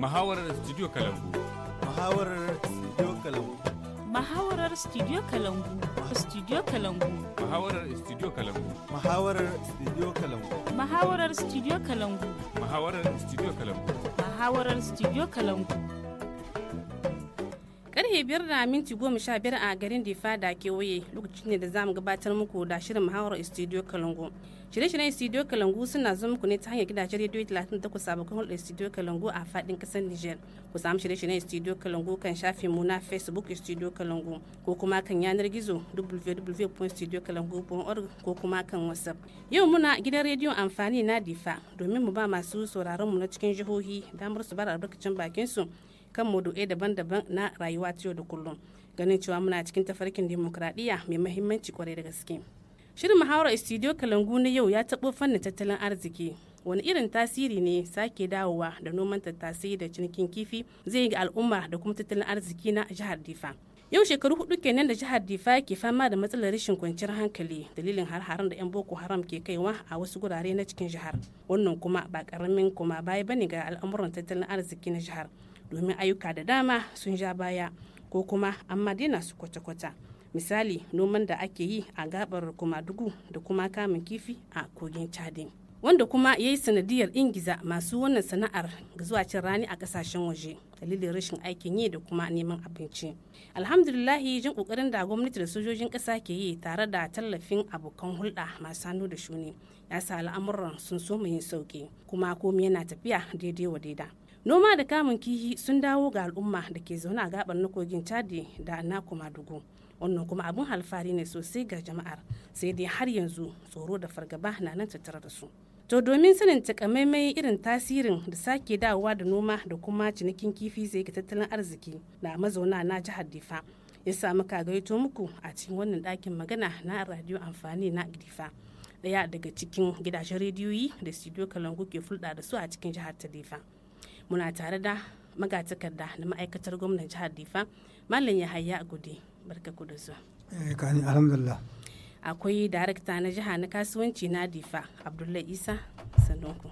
Muhawarar Studio Kalangu. Muhawarar Studio Kalangu. Muhawarar Studio Kalangu. Studio Kalangu. Muhawarar Studio Kalangu. Muhawarar Studio Kalangu. Muhawarar Studio Kalangu. Muhawarar Studio Kalangu. Muhawarar Studio Kalangu. biyar da minti goma sha biyar a garin difa da kewaye lokaci ne da za mu gabatar muku da shirin muhawarar studio kalangu shirye-shiryen studio kalangu suna zama muku ne ta hanyar gidajen rediyo 38 sababbin hulɗar studio kalangu a faɗin ƙasar niger ku samu shirye-shiryen studio kalangu kan shafin mu na facebook studio kalangu ko kuma kan yanar gizo www.studiokalangu.org ko kuma kan whatsapp yau muna gidan rediyon amfani na difa domin mu ba masu sauraron mu na cikin jihohi damar su bar albarkacin bakin su kan maudu'ai daban-daban na rayuwa ta yau da kullum ganin cewa muna cikin tafarkin demokradiyya mai mahimmanci kwarai da gaske shirin muhawarar studio kalangu na yau ya taɓo fannin tattalin arziki wani irin tasiri ne sake dawowa da noman tattasai da cinikin kifi zai yi ga al'umma da kuma tattalin arziki na jihar difa yau shekaru hudu kenan da jihar difa ke fama da matsalar rashin kwanciyar hankali dalilin har da 'yan boko haram ke kaiwa a wasu gurare na cikin jihar wannan kuma ba karamin kuma baya bane ga al'amuran tattalin arziki na jihar domin ayyuka da dama sun ja baya ko kuma amma daina su kwata-kwata misali noman da ake yi a gabar dugu da kuma kamun kifi a kogin chadin wanda kuma ya yi sanadiyar ingiza masu wannan sana'ar zuwa cin rani a kasashen waje dalilin rashin aikin yi da kuma neman abinci alhamdulillahi jin kokarin da gwamnati da sojojin kasa ke yi tare da tallafin abokan hulɗa masu hannu da shuni ya sa al'amuran sun so yin sauki kuma komai yana tafiya daidai wa daida noma da kamun kihi sun dawo ga al'umma da ke zaune a gabar na kogin chadi da na dugu wannan kuma abin alfahari ne sosai ga jama'ar sai dai har yanzu tsoro da fargaba na nan tattara da su to domin sanin takamaimai irin tasirin da sake dawowa da noma da kuma cinikin kifi zai ga tattalin arziki na mazauna na jihar difa ya samu kagaito muku a cikin wannan ɗakin magana na radio amfani na difa daya daga cikin gidajen rediyoyi da studio kalangu ke fulɗa da su a cikin jihar ta difa muna tare da magatakarda na ma'aikatar gwamnan jihar difa malam yahaya gudi barka ku da su. Eh, alhamdulillah akwai darakta na jiha na kasuwanci na difa abdullahi isa sanonku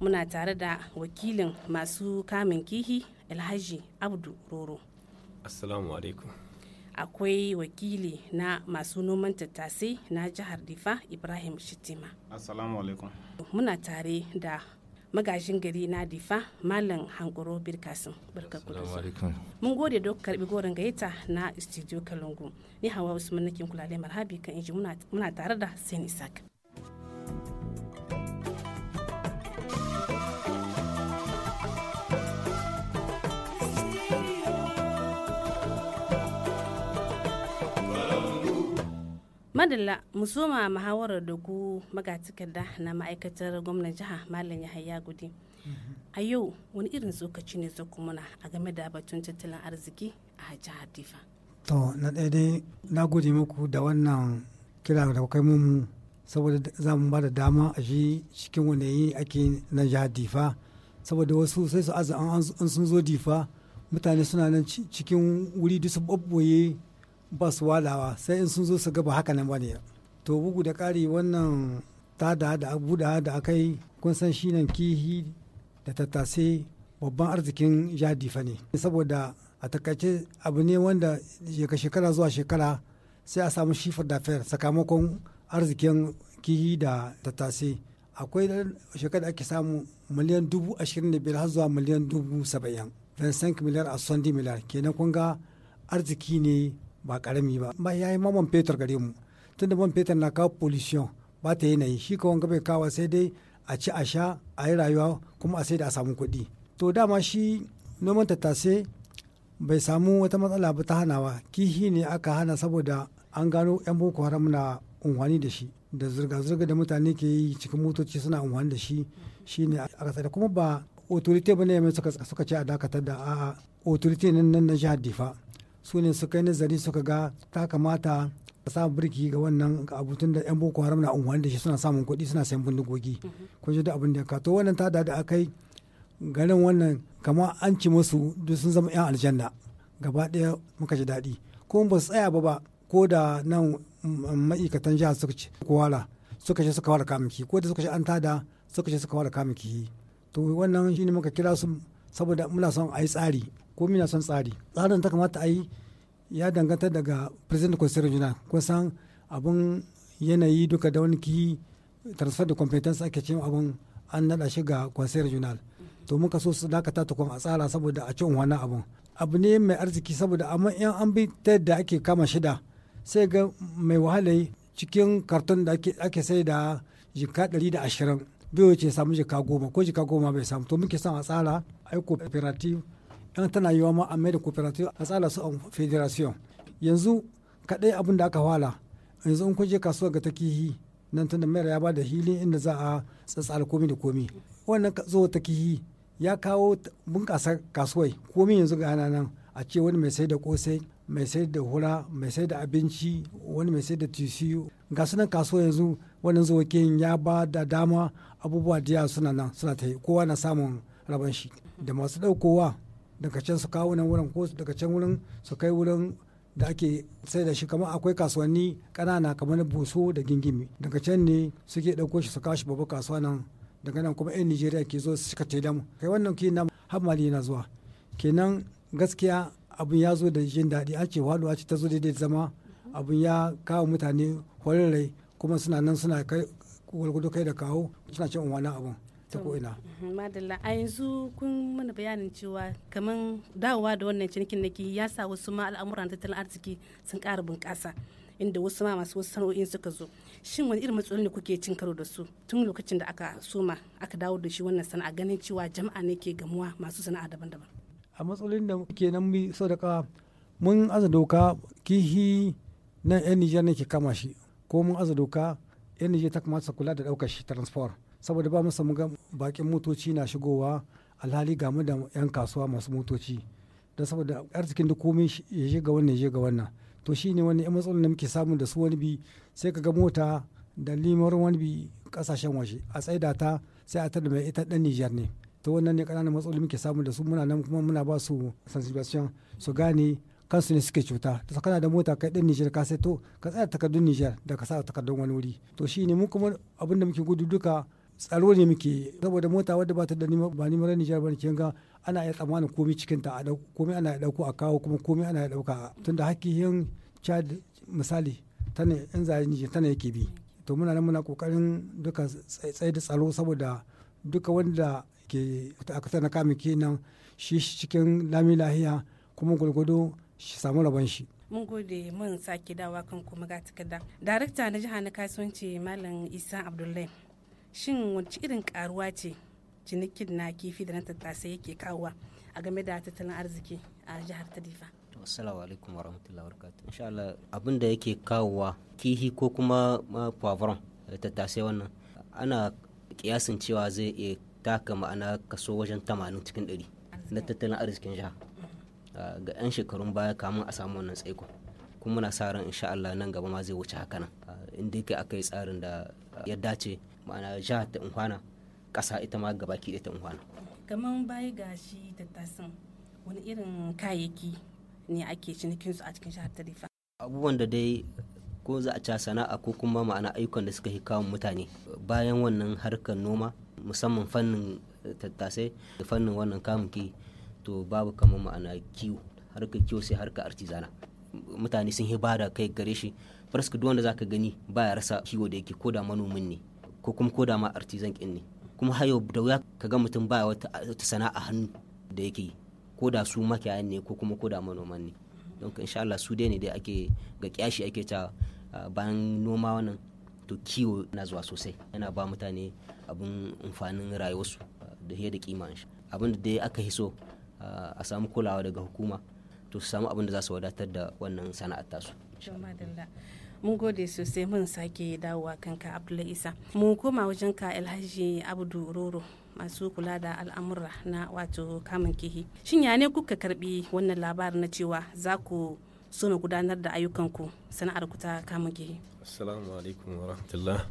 muna tare da wakilin masu kamun kihi alhaji abdu roro assalamu alaikum akwai wakili na masu noman tattasai na jihar difa ibrahim shittima assalamu alaikum muna tare da magajin gari na difa malam hankoro birkasin barka mun gode da karbi goron gaita na studio kalungu ni hawa usman nakin kula da marhabi kan inji muna tare da sen isak madalla musoma muhawarar da gu magatakarda na ma'aikatar gwamnan jiha malam yahaya gudi a yau wani irin tsokaci ne muna a game da batun tattalin arziki a jihar difa to na ɗaya na gode muku da wannan kira da kai mu saboda za mu ba da dama a shi cikin wanda yi ake na jihar difa saboda wasu sai su aza an sun zo difa mutane suna nan cikin wuri dusu su ɓaɓɓoye ba su walawa sai in sun zo su gaba haka nan ba ne to bugu da ƙari wannan ta da buɗa da aka yi kun san shi nan kihi da tattase babban arzikin jadi fa ne saboda a takaice abu ne wanda shekara zuwa shekara sai a samu shi fardafiyar sakamakon arzikin kihi da tattase akwai shekara da ake samu miliyan dubu ashirin da biyar har zuwa miliyan dubu saba'in 25 miliyar a 70 miliyar kenan kun ga arziki ne ba karami ba ma ya yi mamman fetur gare mu tun da man fetur na kawo pollution ba ta yanayi shi ka wanga bai kawo sai dai a ci a sha a yi rayuwa kuma a sai da a samu kuɗi to dama shi noman tattase bai samu wata matsala ba ta hanawa kihi ne aka hana saboda an gano 'yan boko haram na unhwani da shi da zirga-zirga da mutane ke yi cikin motoci suna unhwani da shi shi ne aka tsada kuma ba otorite ba ne mai suka ce a dakatar da a otorite nan na jihar difa su ne suka yi nazari suka ga ta kamata a samu birki ga wannan abutun da yan boko haram na unguwanni da shi suna samun kuɗi suna sayan bindigogi mhm. ko da abin da ka to wannan ta da aka yi garin wannan kama an ci musu duk sun zama yan aljanna gaba ɗaya muka ji daɗi ko ba su tsaya ba ba ko da nan ma'aikatan jihar suka ci kowala suka ce suka fara kamiki ko da suka ce an tada suka ce suka fara kamiki to wannan shine muka kira su saboda muna son a yi tsari ko mina son tsari tsarin ta kamata a yi ya danganta daga president conseil regional kusan abin yanayi duka da wani ki transfer da competence ake cewa abun an nada shi ga conseil regional to muka so su dakata tukun a tsara saboda a cin wani abin abu ne mai arziki saboda amma in an bi ta yadda ake kama shida sai ga mai wahala cikin karton da ake sai da jika 120 bai wuce samu jika goma ko jika goma bai samu to muke son a tsara aiko operative yan tana yiwa ma a da cooperative a tsara su a federation yanzu kaɗai abin da aka hwala yanzu in kuje kasuwa ga ta kihi nan tunda mayar ya bada hili inda za a tsatsara komi da komi wannan zo ta ya kawo bunƙasa kasuwai komi yanzu ga nan a ce wani mai sai da kosai mai sai da hura mai sai da abinci wani mai sai da tisiyu ga sunan kasuwa yanzu wannan zuwakin ya ba da dama abubuwa da suna nan suna ta kowa na samun raban shi da masu ɗaukowa daga can su kawo nan wurin ko daga can wurin su kai wurin da ake sai da shi kamar akwai kasuwanni kanana kamar boso da gingimi daga can ne suke ɗauko shi su kawo shi babban kasuwa nan daga nan kuma 'yan nigeria ke zo su cika mu kai wannan ke na hamali na zuwa kenan gaskiya abin ya zo da jin daɗi a ce waɗuwa ce ta zo daidai zama abin ya kawo mutane rai. kuma suna nan suna kai gwargwado kai da kawo suna cin wani abin ta ko'ina. Mhm, madalla a yanzu kun mana bayanin cewa kamar dawowa da wannan cinikin ke ya sa wasu ma al'amuran tattalin arziki sun ƙara bunƙasa inda wasu ma masu wasu sana'o'in suka zo shin wani irin matsaloli ne kuke cin karo da su tun lokacin da aka soma aka dawo da shi wannan sana'a ganin cewa jama'a ne ke gamuwa masu sana'a daban-daban a matsalolin da ke nan bi sadaka mun aza doka kihi nan yan nijar ne ke kama shi ko mun aza doka yan nijar ta kamata kula da ɗaukar shi transport saboda ba musamman ga bakin motoci na shigowa alhali ga da 'yan kasuwa masu motoci don saboda arzikin da komai ya je ga wannan ya je ga wannan to shi ne wani matsalolin da muke samu da su wani bi sai ka ga mota da limar wani bi kasashen washe a tsaida ta sai a tada mai ita dan Nijar ne to wannan ne kananan matsaloli muke samu da su muna nan kuma muna ba su sensibilisation su gane kansu ne suke cuta to kana da mota kai dan Nijar ka sai to ka tsaya takardun Nijar da ka sa takardun wani wuri to shi ne mu kuma abinda muke gudu duka tsaro ne muke saboda mota wadda ba ta da ba ni mara Nijar ba kin ga ana iya tsammanin komai cikin ta a komai ana iya dauko a kawo kuma komai ana iya dauka tunda hakikin Chad misali tana in zai Nijar tana yake bi to muna nan muna kokarin duka tsaye da tsaro saboda duka wanda ke aka na kame nan shi cikin lami lahiya kuma gwargwado shi samu rabon shi mun gode mun sake dawa kan kuma gatakada. darakta na jiha na kasuwanci malam isa abdullahi shin wacce irin karuwa ce cinikin na kifi da na tattasai yake kawowa a game da tattalin arziki a jihar ta difa assalamu alaikum warahmatullahi wabarakatuh insha Allah abin da yake kawowa kihi ko kuma poivron eh, tattasai wannan ana kiyasin cewa zai iya taka ma'ana kaso wajen tamanin cikin 100 na tattalin arzikin jiha mm-hmm. ah, ga 'yan shekarun baya kamun a samu wannan tsaiko kuma na sa ran insha Allah nan gaba ma zai wuce haka nan ah, inda yake aka yi tsarin da ya dace ma'ana jihar ta unhwana ƙasa ita ma gabaki ɗaya ta unhwana kamar baya ga shi tattasin wani irin kayayyaki ne ake cinikin su a cikin jihar ta rifa abubuwan da dai ko za a ca sana'a ko kuma ma'ana ayyukan da suka kawo mutane bayan wannan harkar noma musamman fannin tattasai da fannin wannan kamuki to babu kamar ma'ana kiwo harkar kiwo sai harkar artizana mutane sun hi bada kai gare shi farska duk wanda zaka gani baya rasa kiwo da yake ko da manomin ne ko kuma ko da ma artisan kin ne kuma har yau da wuya ka ga mutum ba wata sana'a hannu da yake yi ko da su makiyaya ne ko kuma ko da manoman ne don insha Allah su dai ne dai ake ga kyashi ake ta bayan noma wannan to kiwo na zuwa sosai yana ba mutane abin amfanin rayuwarsu da da kima abin da dai aka hiso a samu kulawa daga hukuma to su samu abin da za su wadatar da wannan sana'ar tasu. mun gode sosai mun sake dawowa kanka abdullahi isa mun koma wajen ka alhaji abdu roro masu kula da al'amura na wato kamun kihi shin ya ne kuka karbi wannan labarin na cewa za ku so mu gudanar da ayyukanku sana'ar ku ta kamun kihi assalamu alaikum wa rahmatullah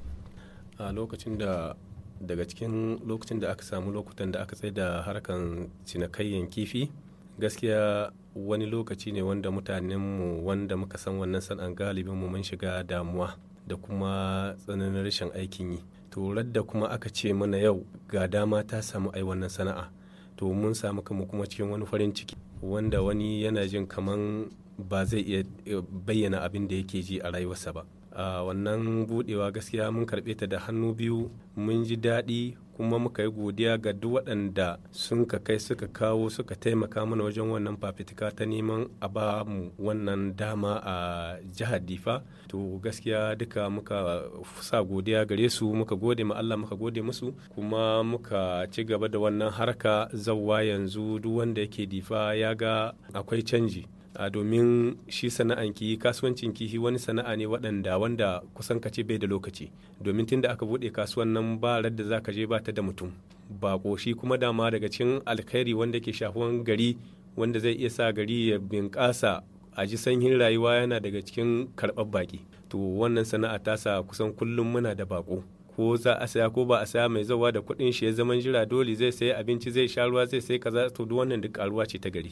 a lokacin da daga cikin lokacin da aka samu lokutan da aka tsaye da harkan cinikayyan kifi gaskiya wani lokaci ne wanda mutanenmu wanda muka san wannan sana'an galibinmu mun shiga damuwa da kuma tsananin rashin aikin yi to da kuma aka ce mana yau ga dama ta samu ai wannan sana'a to mun samu kanmu kuma cikin wani farin ciki wanda wani yana jin kaman ba zai iya eh, bayyana abin da yake ji a rayuwarsa ba wannan budewa gaskiya mun karbe ta da hannu biyu mun ji daɗi kuma muka yi godiya ga duk waɗanda sun ka kai suka kawo suka taimaka mana wajen wannan fafitika ta neman a ba mu wannan dama a jihar difa to gaskiya duka muka sa godiya gare su muka gode ma allah muka gode musu kuma muka ci gaba da wannan harka zauwa yanzu duk wanda yake difa ya ga akwai canji a domin shi sana'an kihi kasuwancin kihi wani sana'a ne waɗanda wanda kusan kace bai da lokaci domin tunda aka buɗe kasuwan nan ba radda za ka je ba ta da mutum ba shi kuma dama daga cikin alkhairi wanda ke shafuwan gari wanda zai iya sa gari ya bunƙasa a ji sanyin rayuwa yana daga cikin karɓar baƙi to wannan sana'a ta sa kusan kullum muna da baƙo ko za a saya ko ba a saya mai zawa da kuɗin shi ya zaman jira dole zai saya abinci zai sha ruwa zai sai kaza to duk wannan duk karuwa ce ta gari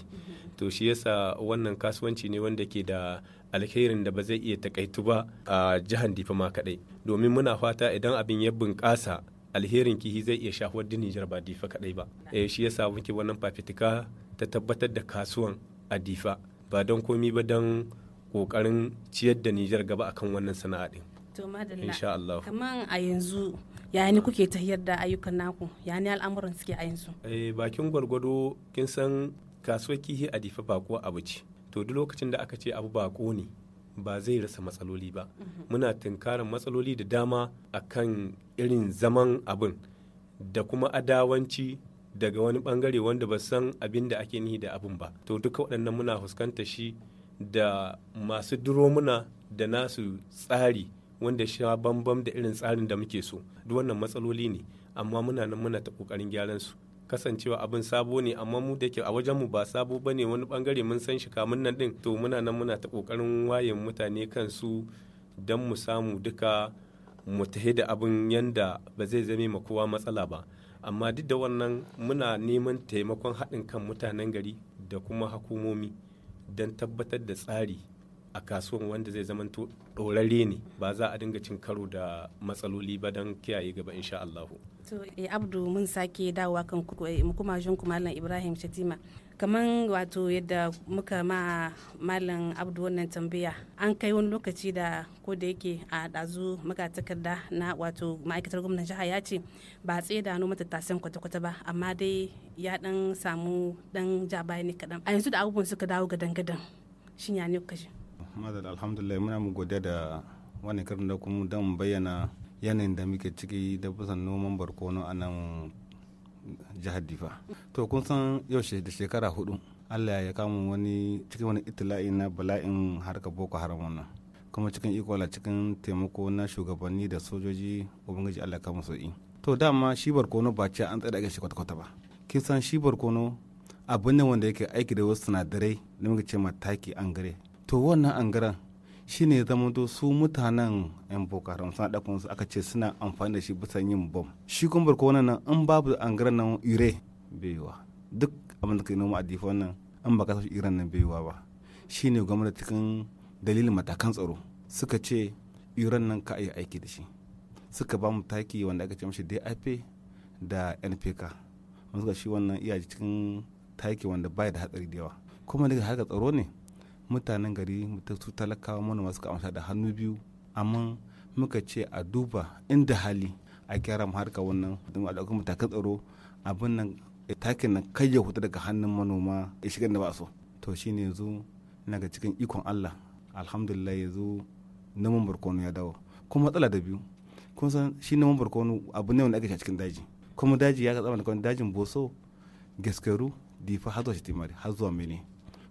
to shi yasa wannan kasuwanci ne wanda ke da alkhairin da ba zai iya takaitu ba a jihar difa ma kadai domin muna fata idan abin ya bunƙasa alherin kihi zai iya shahuwar da Nijar ba difa kadai ba eh shi yasa muke wannan fafitika ta tabbatar da kasuwan a difa ba don komi ba don kokarin ciyar da Nijar gaba akan wannan sana'a din to madalla insha Allah kaman a yanzu yayin kuke tahiyar da ayyukan naku yayin al'amuran suke a yanzu eh bakin gwargwado kin san kasuwar kihi a difa ba ko abu ce to duk lokacin da aka ce abu bako ne ba zai rasa matsaloli ba mhm. muna tunkarin matsaloli da dama akan irin zaman abin da kuma adawanci daga wani bangare wanda ba san abin da ake nihi da abin ba to duka waɗannan muna fuskanta shi da masu duro muna da nasu tsari wanda sha bambam da irin tsarin da muke so duk wannan matsaloli ne amma muna nan muna ta kokarin gyaran su kasancewa abin sabo ne amma mu da ke a wajen mu ba sabo bane wani bangare mun san shi kamun nan din to muna nan muna ta kokarin wayan mutane kan su don mu samu duka mu tahi da abin yanda ba zai zame ma kowa matsala ba amma duk da wannan muna neman taimakon haɗin kan mutanen gari da kuma hukumomi don tabbatar da tsari a kasuwan wanda zai zama ɗorare ne ba za a dinga cin karo da matsaloli ba don kiyaye gaba insha Allah. To eh, Abdu mun sake dawowa kan kuma eh, jin Malam Ibrahim Shatima. Kaman wato yadda muka ma Malam Abdu wannan tambaya an kai wani lokaci da ko da yake a ɗazu takarda na wato ma'aikatar gwamnan jiha ya ce ba tsaye da hannu tattasan kwata-kwata ba amma dai ya ɗan samu ɗan ja ne kaɗan. A yanzu da abubuwan suka dawo ga gadan Shin ya ne kashi? mazal alhamdulillah muna mu gode da wani karin da kuma don bayyana yanayin da muke ciki da busan noman barkono a nan jihar difa to kun san yau da shekara hudu allah ya kama wani cikin wani itila'i na bala'in harka boko haram wannan kuma cikin ikola cikin taimako na shugabanni da sojoji ubangiji allah kama su to dama shi barkono ba ce an tsada shi kwata-kwata ba kin san shi barkono abu ne wanda yake aiki da wasu sinadarai da muka ce mataki an gare to wannan garan shi ne zama to su mutanen yan bokaram suna ɗakon su aka ce suna amfani da shi bisa yin bom shi kuma barko wannan nan in babu garan nan ire baiwa duk abin da ka yi noma a difa wannan in ba ka sashi iran nan baiwa ba shi ne gwamnati kan dalilin matakan tsaro suka ce iran nan ka yi aiki da shi suka ba mu taki wanda aka ce mashi dip da npk wanda suka shi wannan iya cikin taki wanda bai da hatsari da yawa kuma daga haka tsaro ne mutanen gari su talakawa manoma suka amsa da hannu biyu amma muka ce a duba inda hali a gyara mu harka wannan a ɗaukar matakan tsaro abin nan takin nan kai ya huta daga hannun manoma ya shiga da ba so to shine yanzu ina ga cikin ikon Allah alhamdulillah yanzu naman barkono ya dawo kuma matsala da biyu kun san shi naman barkono abu ne wanda ake shi a cikin daji kuma daji ya tsama da dajin boso gaskaru difa har zuwa timari har zuwa mene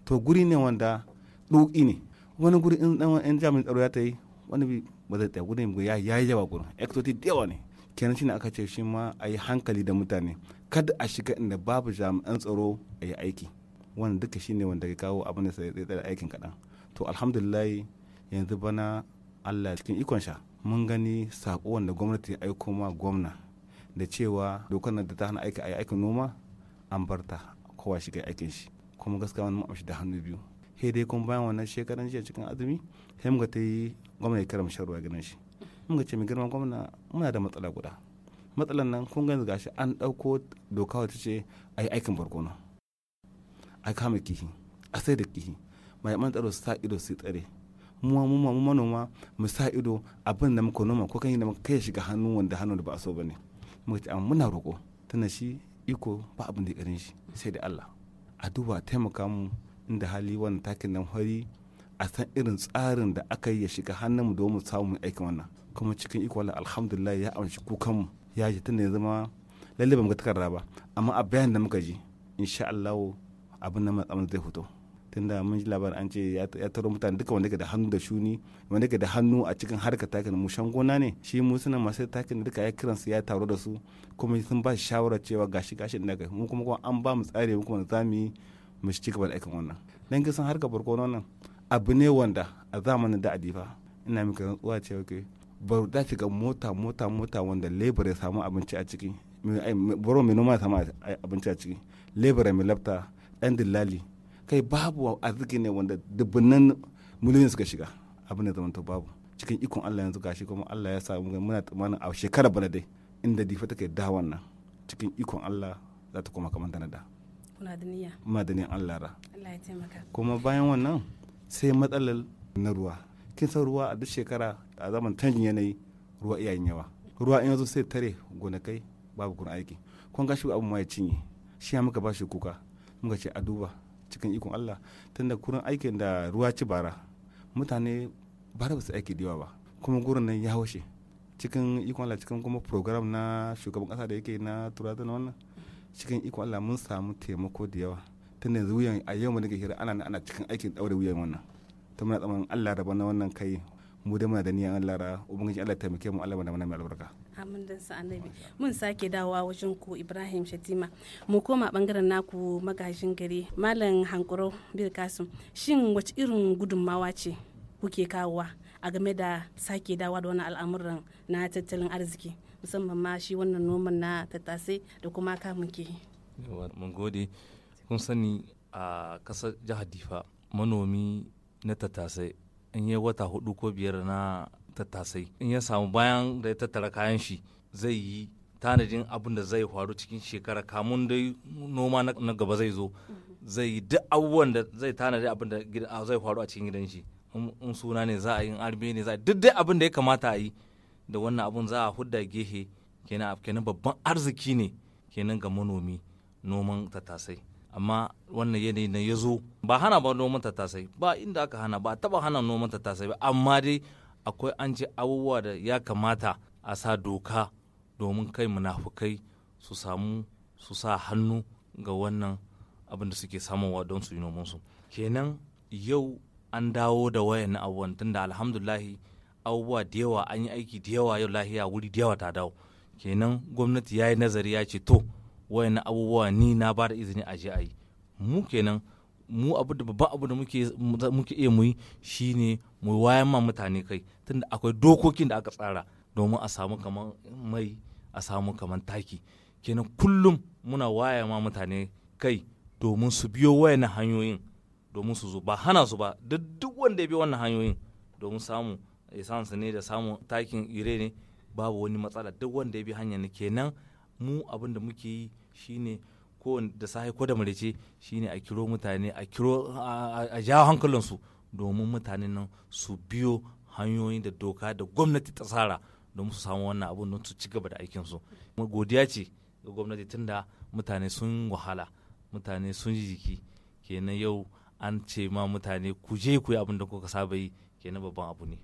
to guri ne wanda duki ne wani guri in ɗan wani jami'in tsaro ya ta yi wani bi ba zai tsaya gudun ya yi yawa gurin ektoti da yawa ne kenan shi ne aka ce shi ma a yi hankali da mutane kada a shiga inda babu jami'an tsaro a yi aiki wannan duka shi ne wanda ya kawo abin da sai tsaye aikin kaɗan to alhamdulillahi yanzu bana allah cikin ikon sha mun gani sako wanda gwamnati ya aiko ma gwamna da cewa dokar da ta hana aiki a yi aikin noma an barta kowa shiga aikin shi kuma gaskiya wani ma'amshi da hannu biyu he dai kuma bayan wannan shekaran jiya cikin azumi sai muka ta yi gwamnati karam kira mu shi muka ce mai girman gwamna muna da matsala guda matsalan nan kun ga gashi an dauko doka wata ce a yi aikin barkono a kama kihi a sai da kihi mai man tsaro sa ido su tsare mu mu mu manoma mu sa ido abin da muka noma ko kan yi da muka kai shiga hannu wanda hannu da ba a so bane muka ce amma muna roko tana shi iko ba abin da irin shi sai da Allah a duba taimaka mu inda hali wannan takin nan fari a san irin tsarin da aka yi ya shiga hannunmu domin samun aikin wannan kuma cikin iko alhamdulillah ya amshi kukanmu ya ji tun da ya zama lalle ba mu ga takarda ba amma a bayan da muka ji insha Allah abin nan matsamin zai fito tunda mun ji labarin an ce ya taro mutane duka wanda ke da hannu da shuni wanda ke da hannu a cikin harkar takin mu shan gona ne shi mu suna masu takin duka ya kiran su ya taro da su kuma sun ba shawara cewa gashi gashi inda kai mu kuma an ba mu tsare mu kuma za mu yi mu ci gaba da aikin wannan dan kin san harkar barkono nan abu ne wanda a zamanin da adifa ina mika rantsuwa ce kai ba da shiga mota mota mota wanda labor ya samu abinci a ciki baro mai noma ya samu abinci a ciki labor mai lafta dan dillali kai babu arziki ne wanda dubbunan miliyoyin suka shiga abin da zamanta babu cikin ikon Allah yanzu gashi kuma Allah ya samu muna tsammanin a shekara bana dai inda difa take da wannan cikin ikon Allah za ta koma kamar da na da kuna da niyya madanin Allah ra Allah ya taimaka kuma bayan wannan sai matsalar na ruwa kin san ruwa a duk shekara a zaman canjin yanayi ruwa iyayen yawa ruwa in yanzu sai tare gonakai babu kun aiki kun ga shi abu ma ya cinye shi ya muka ba shi kuka muka ce a duba cikin ikon Allah tunda kurin aikin da ruwa ci bara mutane bara da su aiki da yawa ba kuma gurin nan ya haushe cikin ikon Allah cikin kuma program na shugaban kasa da yake na turatu na wannan cikin iko Allah mun samu taimako da yawa tun yanzu wuyan a yau mun hira ana ana cikin aikin daure wuyan wannan ta muna tsammanin Allah raba na wannan kai mu da muna da niyan Allah ra ubangiji Allah taimake mu Allah mana mai albarka amin dan sa annabi mun sake dawowa wajen ku Ibrahim Shatima mu koma bangaren naku magajin gari malam Hankuro Bir Kasum shin wace irin gudunmawa ce kuke kawowa a game da sake dawowa da wannan al'amuran na tattalin arziki musamman ma shi wannan noman na tattasai da kuma kamun ke. mun gode kun sani a kasar jihar difa manomi na tattasai in yi wata hudu ko biyar na tattasai in ya samu bayan da ya tattara kayan shi zai yi tanadin abin da zai faru cikin shekara kamun dai noma na gaba zai zo zai yi duk abubuwan da zai tanadi abin da zai faru a cikin gidan shi in suna ne za a yi in arbe ne za a duk dai abin da ya kamata a yi da wannan abun za a hudda gehe kenan babban arziki ne kenan ga manomi noman tattasai amma wannan yanayi na ya zo ba hana ba noman tattasai ba inda aka hana ba taba hana noman tattasai ba amma dai akwai an ce abubuwa da ya kamata a sa doka domin kai munafukai su samu su sa hannu ga wannan abin da suke samowa don su yi nomansu kenan yau an dawo da wayan abubuwan tunda alhamdulahi abubuwa da yawa an yi aiki da yawa yau lahiya wuri da yawa ta dawo kenan gwamnati ya yi nazari ya ce to wayan abubuwa ni na ba da izini a je a yi mu kenan mu abu da babban abu da muke iya mu yi shine mu wayan ma mutane kai tunda akwai dokokin da aka tsara domin a samu kamar mai a samu kamar taki kenan kullum muna waya ma mutane kai domin su biyo wayan hanyoyin domin su zo ba hana su ba duk wanda ya bi wannan hanyoyin domin samu essence ne da samun takin ire ne babu wani matsala duk wanda ya bi hanya ne kenan mu abin da muke yi shine ko da sahi ko da murice shine a kiro mutane a kiro a jawo hankalinsu domin mutanen nan su biyo hanyoyin da doka da gwamnati ta tsara domin su samu wannan abun don su ci gaba da aikin su mu godiya ce ga gwamnati tunda mutane sun wahala mutane sun ji jiki kenan yau an ce ma mutane ku je ku yi abin da kuka saba yi kenan babban abu ne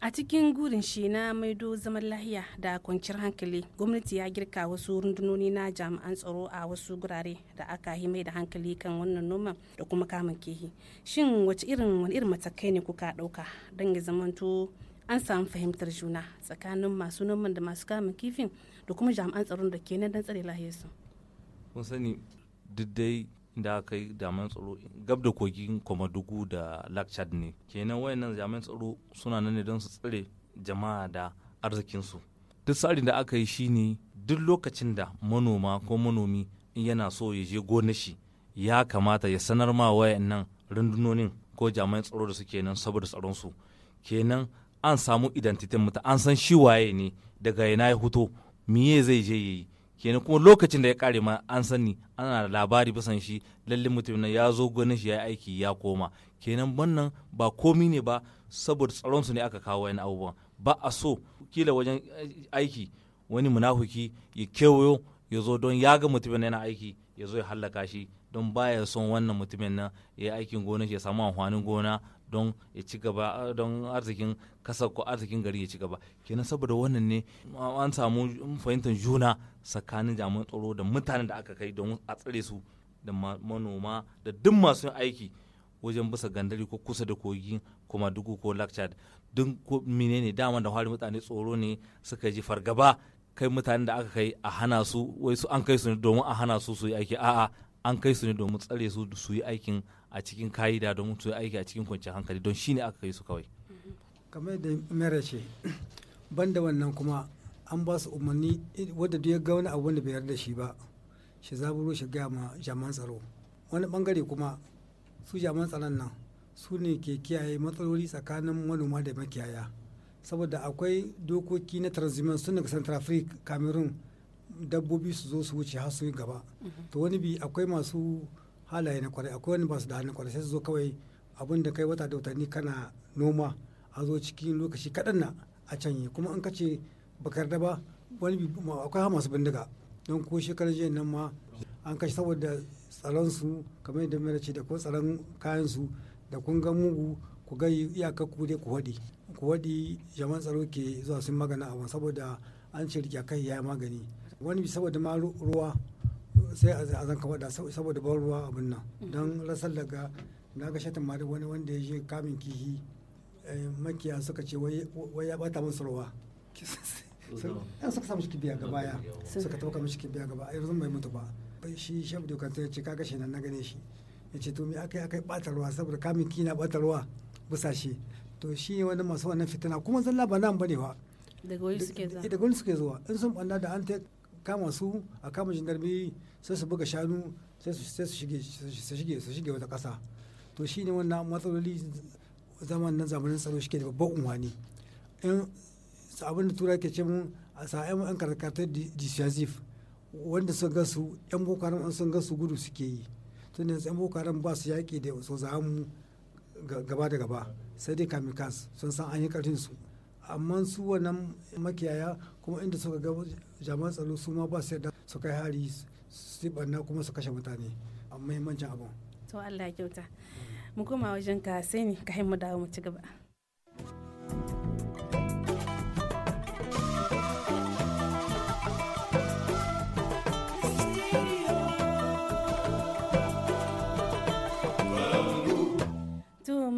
a cikin gurin shi na maido zaman lahiya da kwanciyar hankali gwamnati ya girka wasu rundunoni na jami'an tsaro a wasu gurare da aka yi mai da hankali kan wannan noman da kuma kamun kehi. shin wace irin wani irin matakai ne kuka dauka don ya zamanto an samu fahimtar juna tsakanin masu noman da masu kamun kifin da kuma jami'an tsaron da ke nan don tsare lahiyarsu mun sani duk dai inda aka yi jami'an tsaro gab da kogin dugu da lakchad ne kenan wayannan jami'an tsaro suna nan ne don su tsare jama'a da arzikinsu duk tsarin da aka yi shine duk lokacin da manoma ko manomi yana so ya je gona shi ya kamata ya sanar ma wayannan rundunonin ko jami'an tsaro da suke nan saboda tsaron su kenan an samu identitin mutum an san shi waye ne daga yana ya fito miye zai je yayi kenan kuma lokacin da ya kare ma an sani ana labari bisan shi lalle mutum na ya zo gwanin shi ya aiki ya koma kenan wannan ba komi ne ba saboda tsaron su ne aka kawo wani abubuwan ba a so kila wajen aiki wani munafuki ya kewayo ya zo don ya ga mutumin yana aiki ya zo ya hallaka shi don baya son wannan mutumin na ya yi aikin gona ya samu amfanin gona don ya ci gaba don arzikin kasar ko arzikin gari ya ci gaba kenan saboda wannan ne an samu fahimtar juna tsakanin jami'an tsaro da mutanen da aka kai don a tsare su da manoma da duk masu aiki wajen bisa gandari ko kusa da kogin kuma dugu ko lakchad duk ko menene dama da hari mutane tsoro ne suka ji fargaba kai mutanen da aka kai a hana su wai su an kai su ne domin a hana su su yi aiki a'a an kai su ne domin tsare su su yi aikin a cikin ka'ida domin su yi aiki a cikin kwanciyar hankali don shine aka kai su kawai kamar da mera ce banda wannan kuma an ba su umarni wadda duk ya ga wani abu wanda bai yarda shi ba shi zaburo shi gaya ma jaman tsaro wani bangare kuma su jaman tsaron nan su ne ke kiyaye matsaloli tsakanin manoma da makiyaya saboda akwai dokoki na transiment sun daga central africa cameroon dabbobi su zo su wuce har su gaba mhm. to wani bi akwai masu halaye na kwarai akwai wani basu su da hannun kwarai sai su zo kawai abin da kai wata da watanni kana noma a zo cikin lokaci kaɗan na a canye kuma an kace Bakar da ba wani akwai masu bindiga don ko shekarar jiya nan ma an kashe saboda tsaron su kamar yadda mai ce da ko tsaron kayan su da kun ga mugu ku ga iyakar ku dai ku waɗi ku waɗi jaman tsaro ke zuwa sun magana a saboda an ce rike kai ya magani wani bi saboda ma ruwa sai a zanka waɗa saboda ban ruwa abin nan don rasar daga na ga shatan ma wani wanda ya je kamin kihi eh, makiya suka ce wai ya bata musu ruwa yan suka samu shi biya gaba ya suka tauka mishi biya gaba a yanzu bai mutu ba shi shafi da sai ya ce kaga shi nan na gane shi ya ce to me aka yi aka yi ruwa saboda kamin kina ruwa busa shi to shi wani masu wannan fitina kuma zalla ba nan bane ba daga wani suke zuwa daga wani suke zuwa in sun banna da an ta kama su a kama jindarmi sai su buga shanu sai su shige su shige su shige wata kasa to shi ne wannan matsaloli zaman na zamanin tsaro shi ke da babban unwani in abin da tura ke ce mun a sa'ayin yan karkatar dissuasif wanda sun gasu yan boko haram an sun gasu gudu suke yi tun da yan boko haram ba su yaƙi da so zamu gaba da gaba sai dai kamikas sun san an yi ƙarfin su amma su wannan makiyaya kuma inda suka ga jami'an tsaro su ma ba su yarda su kai hari su banna kuma su kashe mutane a muhimmancin abin to Allah kyauta mu koma wajen ka sai ne ka mu dawo mu ci gaba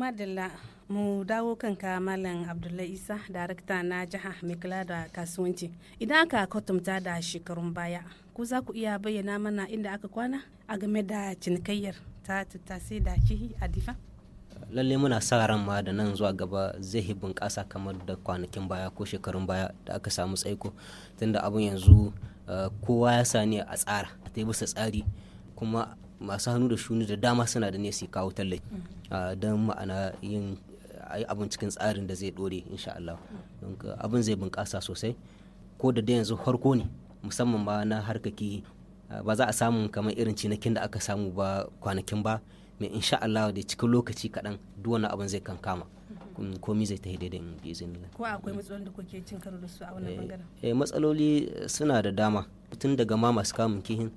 madalla mu dawo kanka malam abdullahi isa darakta na jiha mai kula da kasuwanci idan aka kwatanta da shekarun baya ku za ku iya bayyana mana inda aka kwana a game da cinikayyar ta tattasai da kihi a difa lalle muna sa ran ma da nan zuwa gaba zai bunƙasa kamar da kwanakin baya ko shekarun baya da aka samu tsaiko tunda abin yanzu eh, kowa ya sani a tsara a ta bisa tsari kuma masu hannu da shuni da dama suna da ne su kawo tallafi mm-hmm. ah, don ma'ana yin abin cikin tsarin da zai dore insha Allah abin zai bunƙasa sosai ko da yanzu farko ne musamman ba na harkaki ah, ba za a samu kamar irin cinikin da aka samu ba kwanakin ba mai insha Allah da cikin lokaci kaɗan duk wani abin zai kan kama mm-hmm. komi zai yi daidai ko akwai matsaloli da kuke cin karo da su a wannan eh, bangaren eh, matsaloli suna da dama tun daga ma masu kamun kihin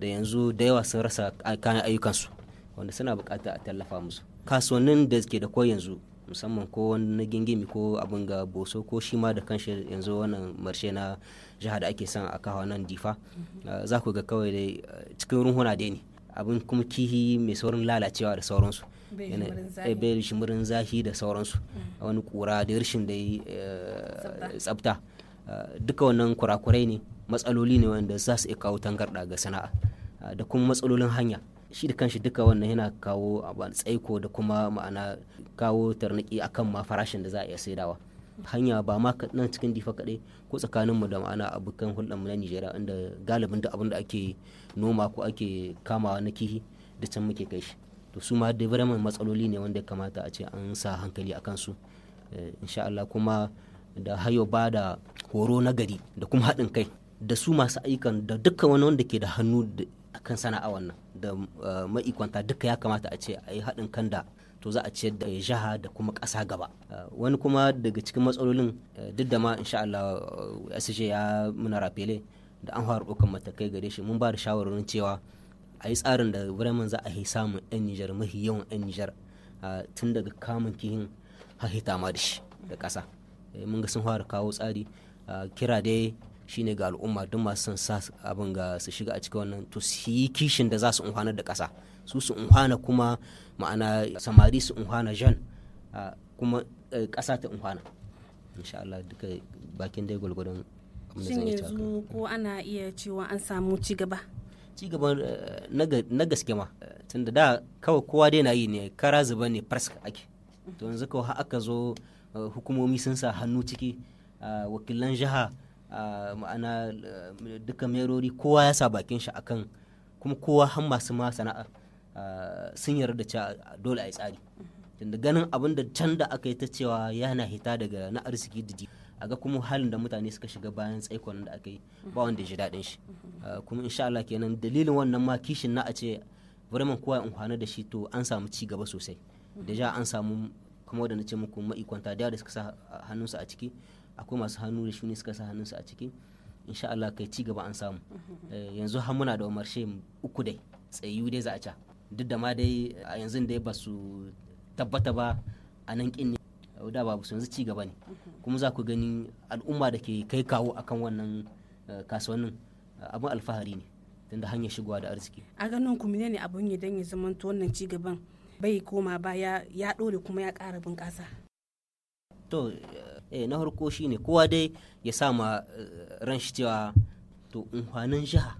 da yanzu da yawa sun rasa kayan ayyukansu wanda suna bukata a tallafa musu kasuwannin da ke da ko yanzu musamman ko na gingimi ko abin ga boso ko shi ma da kanshi yanzu wannan marshe na jiha da ake son a kawo nan difa mhm. za ku ga kawai dai cikin runhuna dai ne abin kuma kihi mai saurin lalacewa da sauransu bai shimirin zahi eh, da sauransu mhm. wani kura da rashin da eh, tsabta eh, duka wannan kurakurai ne matsaloli ne wanda za su iya kawo tangarɗa ga sana'a ah, da kuma matsalolin hanya shi da kanshi duka wannan yana kawo tsaiko da kuma ma'ana kawo tarniki akan ma farashin da za a iya saidawa hanya ba ma nan cikin difa kaɗai ko tsakaninmu da ma'ana abokan hulɗarmu na nigeria inda galibin da abin da ake noma ko ake kamawa na kihi da can muke kai shi to su ma da development matsaloli ne wanda ya kamata a ce an sa hankali a kansu eh, insha Allah kuma da hayo ba da horo na gari da kuma haɗin kai da su masu ayyukan da dukkan wani wanda ke da hannu akan sana'a wannan da eh, ma'ikwanta duka ya kamata a ce a yi haɗin kan da to za a ciyar da jiha da kuma ƙasa gaba eh, wani kuma daga cikin matsalolin eh, duk da ma insha Allah SJ ya muna rafele da an fara ɗaukan matakai gare shi mun ba da shawarwarin cewa a yi tsarin da vraiment za a yi samun 'yan Nijar mafi yawan 'yan Nijar tun daga kamun kihin hahita ma da shi da ƙasa mun ga sun fara kawo tsari kira dai shine ga al'umma duk masu son sa abin ga su shiga a cikin wannan to su yi kishin da za su unhana da ƙasa su su unhana kuma ma'ana samari su unhana jan kuma e, ƙasa ta unhana insha Allah duka bakin dai gwalgwadon shin yanzu ko ana iya cewa an samu ci gaba ci gaba e, na gaske ma e, tun da kawai kowa dai na yi ne kara zuba ne farska ake to yanzu ko aka zo hukumomi sun sa hannu ciki wakilan jiha Ah, ma'ana ah, duka merori kowa ya sa bakin shi akan kuma kowa har masu ma sana'ar ah, sun yarda cewa dole a yi tsari tunda ganin abin da can da aka yi ta cewa yana hita daga na arziki da a ga kuma halin da mutane suka shiga bayan tsaikon da aka yi ba wanda ji daɗin shi kuma insha Allah kenan dalilin wannan ma kishin na a ce vraiment kowa ya amfana da shi to an samu ci gaba sosai da ja an samu kuma da na ce muku ma'ikwanta da suka sa hannunsu a ciki akwai masu hannu da shuni suka sa hannunsu a ciki insha Allah kai ci gaba an samu eh, yanzu har muna da umarshe uku dai tsayu dai za a ca duk da ma dai a yanzu dai ba su tabbata ba a nan kin ne da ba su yanzu ci gaba ne kuma za ku gani al'umma da ke kai kawo akan wannan eh, kasuwannin eh, abin alfahari ne tunda hanyar shigowa da arziki a ganin ku ne abun ya dan ya zamanta wannan ci gaban bai koma baya ya dore kuma ya ƙara bunƙasa to eh na harko ne kowa dai ya sa ma eh, ran shi cewa to unhwanin jiha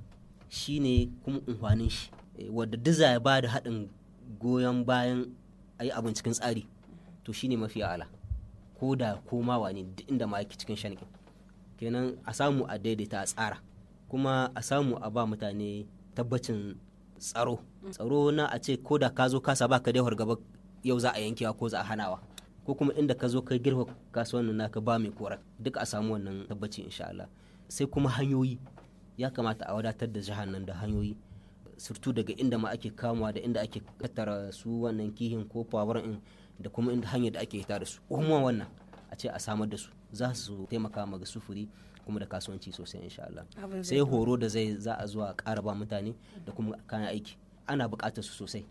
ne kuma unhwanin shi eh, wadda diza ya ba da haɗin goyon bayan a yi abin cikin tsari to shi ne mafi ala ko da koma wani duk inda ma yake cikin shanikin kenan a samu a daidaita a tsara kuma a samu a ba mutane tabbacin tsaro mm. tsaro na a ce ko da ka zo kasa ba ka dai gaba yau za a yankewa ko za a hanawa ko kuma inda ka zo ka girka kasuwannin naka ba mai korar duk a samu wannan tabbaci insha Allah sai kuma hanyoyi ya kamata a wadatar da jihar nan da hanyoyi surtu daga inda ma ake kamuwa da inda ake tattara su wannan kihin ko power da kuma inda hanyar da ake hita da su kuma wannan a ce a samar da su za su taimaka ma sufuri kuma da kasuwanci sosai insha Allah sai horo da zai za a zuwa ƙara ba mutane da kuma kayan aiki ana buƙatar su sosai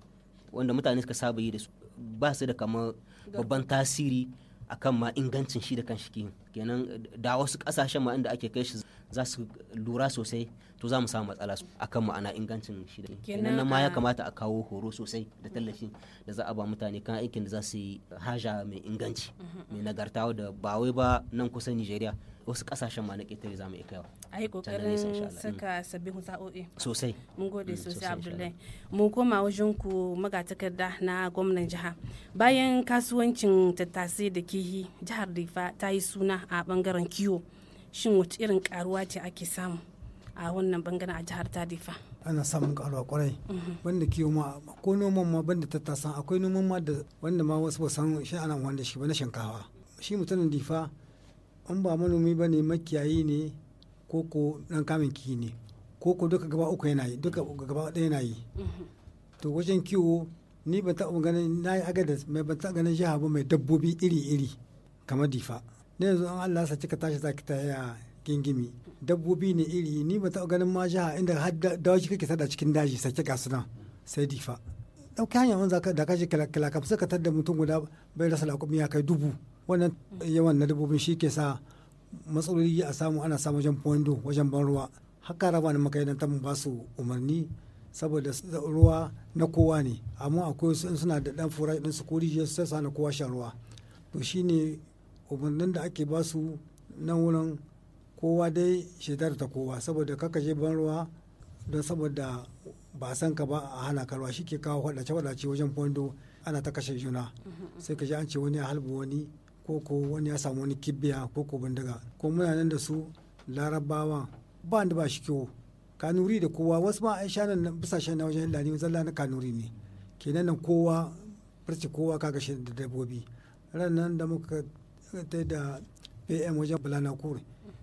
wanda mutane suka saba yi da su ba su da kamar babban tasiri akan ma ingancin shi da kan shi kenan da wasu kasashen ma inda ake kai shi za su lura sosai to za mu samu matsala akan ma'ana ingancin shi da kenan nan ma ya kamata a kawo horo sosai da tallafi da za a ba mutane kan aikin da za su yi haja mai inganci mhm. mai nagarta da ba wai ba nan kusa Nigeria wasu kasashen ma na ketare za mu iya kaiwa a yi kokarin saka sabbin sa'o'i sosai mun gode mm, sosai abdullahi mun koma wajen ku magatakarda na gwamnan jiha bayan kasuwancin tattasai da kihi jihar rifa ta yi suna a bangaren kiwo shin wata irin karuwa ce ake samu a wannan bangaren a jihar ta rifa ana samun karuwa kwarai mm-hmm. banda kiwo ma ko noman ma banda tattasan akwai noman ma da wanda ma wasu ba san shi ana wanda shi ba na shinkafa shi mutumin difa an ba manomi ba ne makiyayi ne ko ko dan kamin ne ko ko duka gaba uku yana yi duka gaba ɗaya yana yi to wajen kiwo ni ban taɓa ganin na yi agada mai ban taɓa ganin jiha ba mai dabbobi iri-iri kamar difa ne yanzu an Allah sa cika tashi za ki ta yaya gingimi dabbobi ne iri ni ban taɓa ganin ma jiha inda har dawashi kake sada cikin daji sake ga suna sai difa ɗauki hanya wanda da kashi kalakam suka tattar da mutum guda bai rasa laƙumi ya kai dubu wannan yawan na dabbobin shi ke sa matsaloli a samu ana samu wajen pondo wajen ban ruwa haka raba na makaidanta mu ba su umarni saboda ruwa na kowa ne amma akwai su suna da dan fura din su kori sai sana na kowa shan ruwa to shine umarnin da ake ba su nan wurin kowa dai shaidar ta kowa saboda kaka je ban ruwa don saboda ba san ka ba a hana karwa shi ke kawo faɗace faɗace wajen pondo ana ta kashe juna sai ka ji an ce wani a halbu wani ko ko wani ya samu wani kibiya ko ko bindiga ko muna nan da su larabawa ba da ba shi kyau kanuri da kowa wasu ma ai shanan bisa na wajen hillani zalla na kanuri ne kenan nan kowa farce kowa kaga shi da dabbobi ran nan da muka ta da pm wajen balanakur